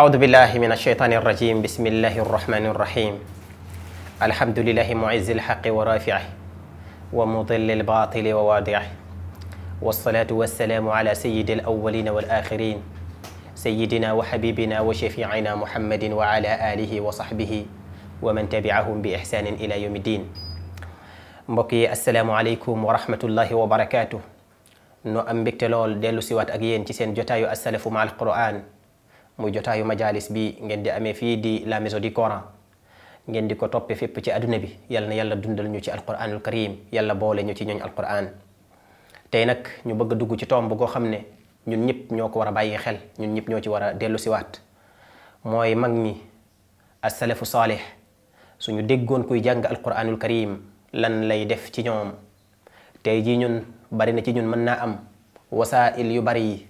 أعوذ بالله من الشيطان الرجيم بسم الله الرحمن الرحيم الحمد لله معز الحق ورافعه ومضل الباطل ووادعه والصلاة والسلام على سيد الأولين والآخرين سيدنا وحبيبنا وشفيعنا محمد وعلى آله وصحبه ومن تبعهم بإحسان إلى يوم الدين مبقي السلام عليكم ورحمة الله وبركاته نو أمبكتلول دلو سوات أجيين تسين جتايو السلف مع القرآن muy jotaayu majalis bi ngeen di amee fii di la maison du ngeen di ko toppee fépp ci adduna bi yal na yàlla dundal ñu ci alquranul karim yàlla boole ñu ci ñooñ alquran tey nag ñu bëgg a dugg ci tomb goo xam ne ñun ñëpp ñoo ko war a bàyyi xel ñun ñëpp ñoo ci war a dellu siwaat mooy mag ñi asalafu saalih suñu déggoon kuy jàng alquranul karim lan lay def ci ñoom tey ji ñun bari na ci ñun mën naa am wasaa'il yu bari yi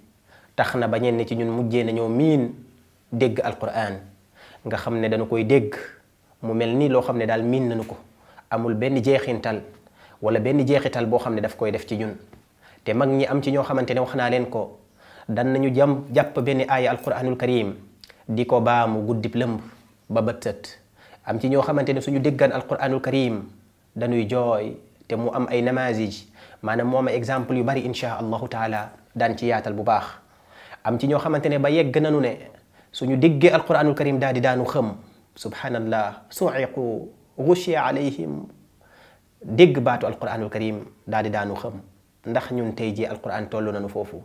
tax na ba ñenn ci ñun mujjee nañoo miin dégg alquran nga xam ne dañu koy dégg mu mel ni loo xam ne daal miin nañu ko amul benn jeexintal wala benn jeexital boo xam daf koy def ci ñun te mag ñi am ci ñoo xamante ne wax ko dan nañu jam jàpp benn aaya alquranul karim di ko baamu guddib lëmb ba bët sët am ci ñoo xamante ne suñu déggan alquranul karim dañuy jooy te mu am ay namazij maanaam moo exemple yu bari insha allahu taala daan ci yaatal bu baax am ci ñoo xamantene ba yegg nañu ne suñu diggé alquranul karim daal di daanu xam subhanallah suiqu rushia alayhim dégg baatu alquranul karim daal di daanu xam ndax ñun tay ji alquran tollu nañu fofu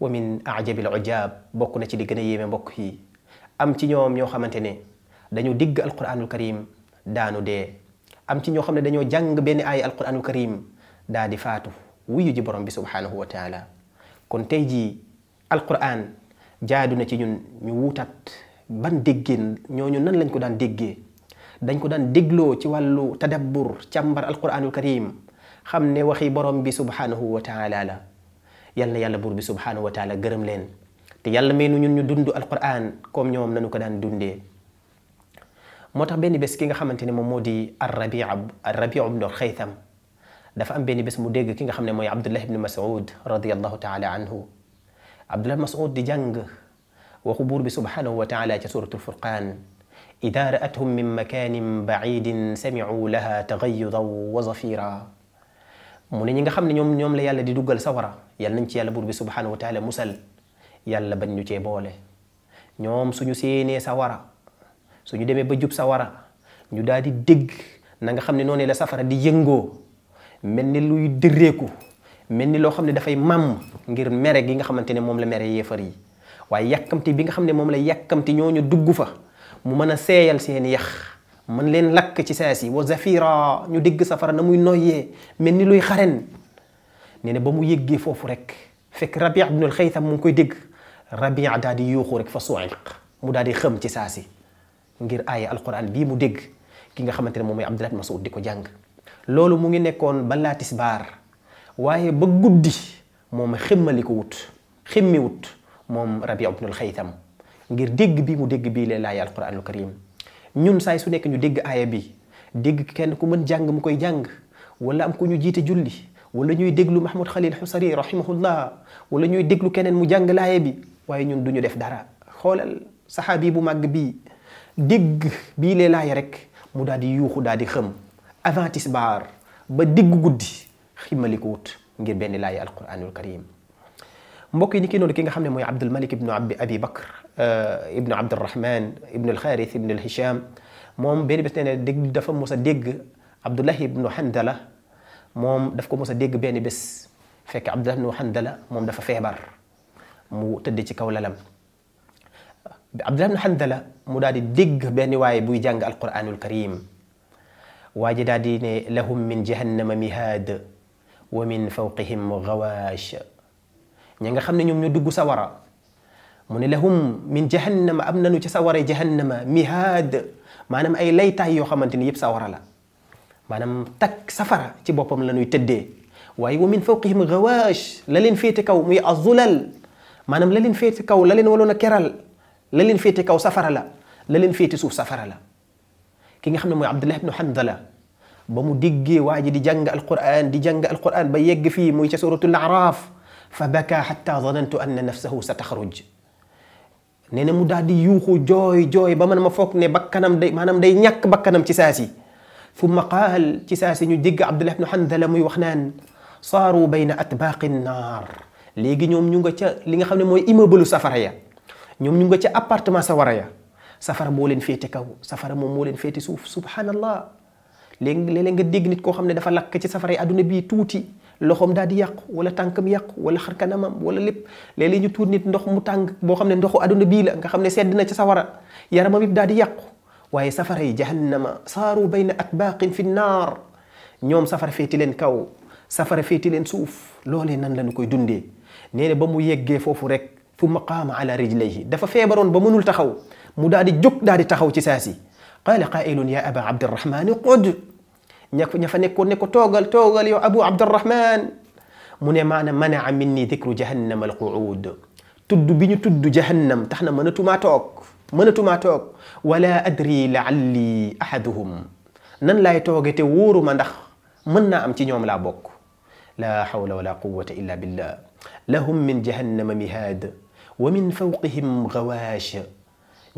wa min ajabil ujab bokku na ci li gëna yéme mbokk yi am ci ñoom ñoo xamantene dañu digg alquranul karim daanu dee am ci ñoo xamne ne dañoo jàng benn ay alquranul karim daa di faatu wuyu ji borom bi subhanahu wa taala kon tay ji alquran jaadu na ci ñun ñu wuutaat ban déggéen ñooñu nan lañ ko daan déggee dañ ko daan digloo ci wàllu tadabbur càmbar alquranul karim xam ne waxi borom bi subhanahu wa taala la yal na yàlla buur bi subhanahu wa taala gërëm leen te yàlla may nu ñun ñu dund alquran comme ñoom nañu ko daan dundee moo tax benn bés ki nga xamante ne moom moo di arrabi arrabiu ibnu xaytham dafa am benn mu dégg ki nga xam ne mooy abdullah ibnu mas'ud radiallahu taala anhu عبد الله مسعود دي جنغ وخبور بسبحانه وتعالى كسورة الفرقان إذا رأتهم من مكان بعيد سمعوا لها تغيضا وزفيرا من نيغا خامني نيوم نيوم لا يالا دي دوغال سوارا يالا نتي يالا بور سبحانه وتعالى مسل يالا بن نيو تي بوله نيوم سونو سيني سوارا سونو ديمي با جوب سوارا نيو دادي ديغ نغا خامني نوني لا سفر دي يينغو ملني لوي ديريكو melni lo xamne da fay mam ngir mere gi nga xamantene mom la mere yéefar yi waye yakamti bi nga xamne mom la yakamti ñoñu dugg fa mu meuna seyal seen yax man leen lak ci sasi wa zafira ñu digg safara na muy noyyee mel luy xaren neene ba mu yeggé fofu rek fek rabi' ibn al-khaytham mu koy digg rabi' daal di yuuxu rek fa suiq mu daal di xëm ci sasi ngir ay al-quran bi mu digg ki nga xamantene ne moom abdullah masud diko jàng loolu mu ngi nekkoon balaa tisbaar waye ba guddi mom xemmali wut ximmi wut rabi ibn al khaytham ngir deg bi mu dégg bii al qur'an al karim ñun say su nek ñu deg aya bi deg kenn ku mën jàng mu koy jàng wala am ku ñu jité julli wala ñuy déglu mahmoud khalil husari rahimahullah wala ñuy déglu kenen mu jàng laaya bi waye ñun duñu def dara xolal sahabi bu màgg bii dégg bii lee laaya rek mu dadi yuxu dadi xam avant tisbaar ba deg guddi ximmalikuwut ngir benn laay alquranul karim mbokk yi ni ki noonu ki nga xam ne mooy abdul malik ibnu abi abi bakr ibnu abdurahman ibnu alxaaris ibnu alhisham moom benn bés nee ne dégg dafa mos a dégg abdullahi ibnu handala moom daf ko mos a dégg benn bés fekk abdullahi ibnu handala moom dafa feebar mu tëdd ci kaw lalam abdullahi ibnu handala mu daal di dégg benn waaye buy jàng alquranul karim waa ji daal di ne lahum min jahannama mihaad ومن فوقهم غواش نيغا خامني نيوم نيو دوغ سوارا من لهم من جهنم ابننوا تسوار جهنم مهاد مانام اي ليتا يو خامتني ييب سوارا لا مانام تك سفرا تي بوبام لا نوي تدي واي ومن فوقهم غواش لالين فيتكو مي الظلال مانام لالين فيتكو لالين ولونا كيرال لالين فيتكو سفرا لا لالين فيتي سوف سفرا لا كيغا خامني مو عبد الله بن حنظله bamu diggé waji di jàng alquran di jàng alquran ba yegg fi moy ci suratul a'raf fa baka xatta zanantu anna nafsuhu satakhruj taxruj mu daal yuxu joy joy ba man ma fokk ne bakkanam day manam day ñak bakkanam ci sasi thumma qaal ci sasi ñu dégg abdullah ibn hanzala muy wax nan saru bayna atbaq an-nar legi ñom ñu nga ci li nga xamne moy immeuble safara ya ñom ñu nga ci appartement sawara ya safara mo leen fete kaw safara mo mo leen fete suuf subhanallah léegi léeg-léeg nga dégg nit koo xam ne dafa lakk ci safara yi àdduna bii tuuti loxoom daal di yàqu wala tànkam yàqu wala xarkanamam wala lépp léeg-léeg ñu tuur nit ndox mu tàng boo xam ne ndoxu àdduna bii la nga xam ne sedd na ci sawara yaramam yëpp daal di yàqu waaye safara yi jahannama saaru bayna atbaaqin fi naar ñoom safara féeti leen kaw safara féeti leen suuf loolee nan la ñu koy dundee nee na ba mu yeggee foofu rek thumma qaama ala rijlayhi dafa feebaroon ba mënul taxaw mu daal di jóg daal di taxaw ci saasi qaala qaa'ilun ya aba abdirrahmani qud ña ña fa nekkoon ne ko toogal toogal yow Abu Abdurrahman mu ne maanaam manaa minni dikru jahannam alquud tudd bi ñu tudd jahannam tax na mënatumaa toog mënatumaa toog wala adri laalli ahaduhum nan laay tooge te wóoru ma ndax mën naa am ci ñoom laa bokk laa hawla wala quwwata illa billah lahum min jahannama mihaad wa min fawqihim gawaash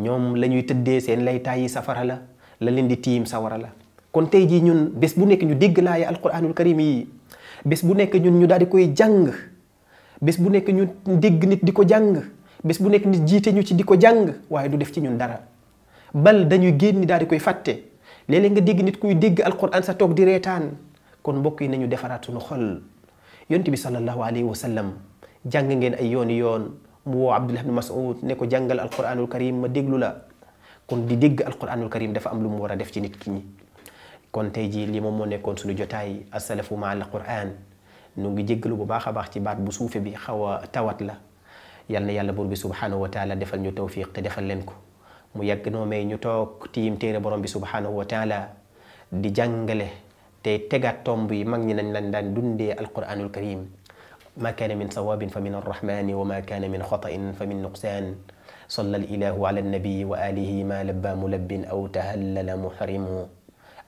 ñoom la ñuy tëddee seen laytaay yi safara la la leen di tiim sawara la kon tey jii ñun bés bu nekk ñu dégg laaya alquranul karim yi bés bu nekk ñun ñu daal di koy jàng bés bu nekk ñu dégg nit di ko jàng bés bu nekk nit jiite ñu ci di ko jàng waaye du def ci ñun dara bal dañuy génn daal di koy fàtte léeg nga dégg nit kuy dégg alquran sa toog di reetaan kon mbokk yi nañu defaraat suñu xol yonent bi sallallahu alayhi wa sallam jàng ngeen ay yooni yoon mu woo Abdullah ibn Mas'ud ne ko jàngal alquranul karim ma déglu la kon di dégg alquranul karim dafa am lu mu war a def ci nit ki ñi kon tay ji li mom mo nekkon suñu jotay as-salafu ma al quran nu ngi jéggalu bu baaxa baax ci baat bu suufe bi xawa tawat la yal na yàlla bur bi subhanahu wa taala defal ñu tawfiq te defal len ko mu yàgg no may ñu tok tim téré borom bi subhanahu wa taala di jàngale te tega tomb yi mag ñi nañ lan daan al al-qur'anul karim ما كان من sawabin فمن الرحمن وما كان من خطأ فمن نقصان صلى الإله على النبي وآله ما لبى ملب أو تهلل محرم